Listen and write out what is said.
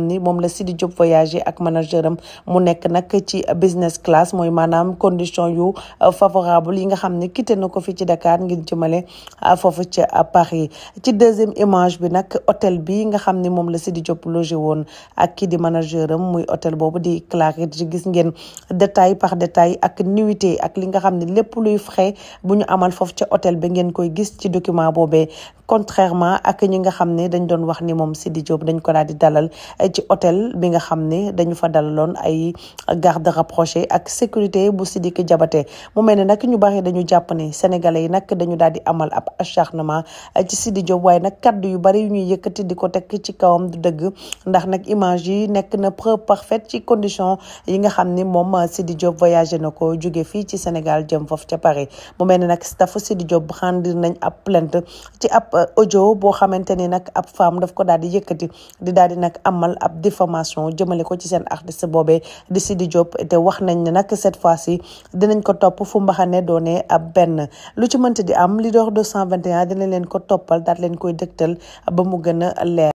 xam ni moom la Sidi job voyager ak manager mu nekk ci business class moy manam condition yu euh, favorable yi nga xamni ne quitté fi ci Dakar ngir jëmale euh, fofu ci euh, Paris ci deuxième image bi nak hôtel bi nga xamni mom la Sidi job logé won ak ki di manageram hôtel bobu di Claridge ji gis détail par détail ak nuité ak li nga xamni lépp luy frais buñu amal fofu ci hôtel bi ngeen koy gis ci document bobé contrairement ak ñi nga xam dañ doon wax ni mom Sidi job dañ ko daal di dalal ci hôtel bi nga xam ne dañu fa dalaloon ay garde rapproché ak sécurité bu Sidiki Diabaté mu mel ne nag ñu bari dañu jàpp ne sénégalais yi nag dañu daal di amal ab acharnement ci Sidi Diop waaye nag kaddu yu bari yu ñuy yëkkati di ko teg ci kawam du dégg ndax nag image yi nekk na preuve parfaite ci condition yi nga xam ni moom Sidi Diop voyagé na ko jóge fii ci Sénégal jëm foofu ca Paris mu mel ne nag staffu Sidi Diop rendir nañ ab plainte ci ab xamante ni nag ab femme daf ab diffamation jëmale ko ci seen artiste boobee di Sidi Diop te wax nañ ne nag cette fois ci dinañ ko topp fu mbaxane doone ab benn lu ci mënti di am Leader 221 dinañ leen ko toppal daal leen koy dëgtal ba mu gën a leer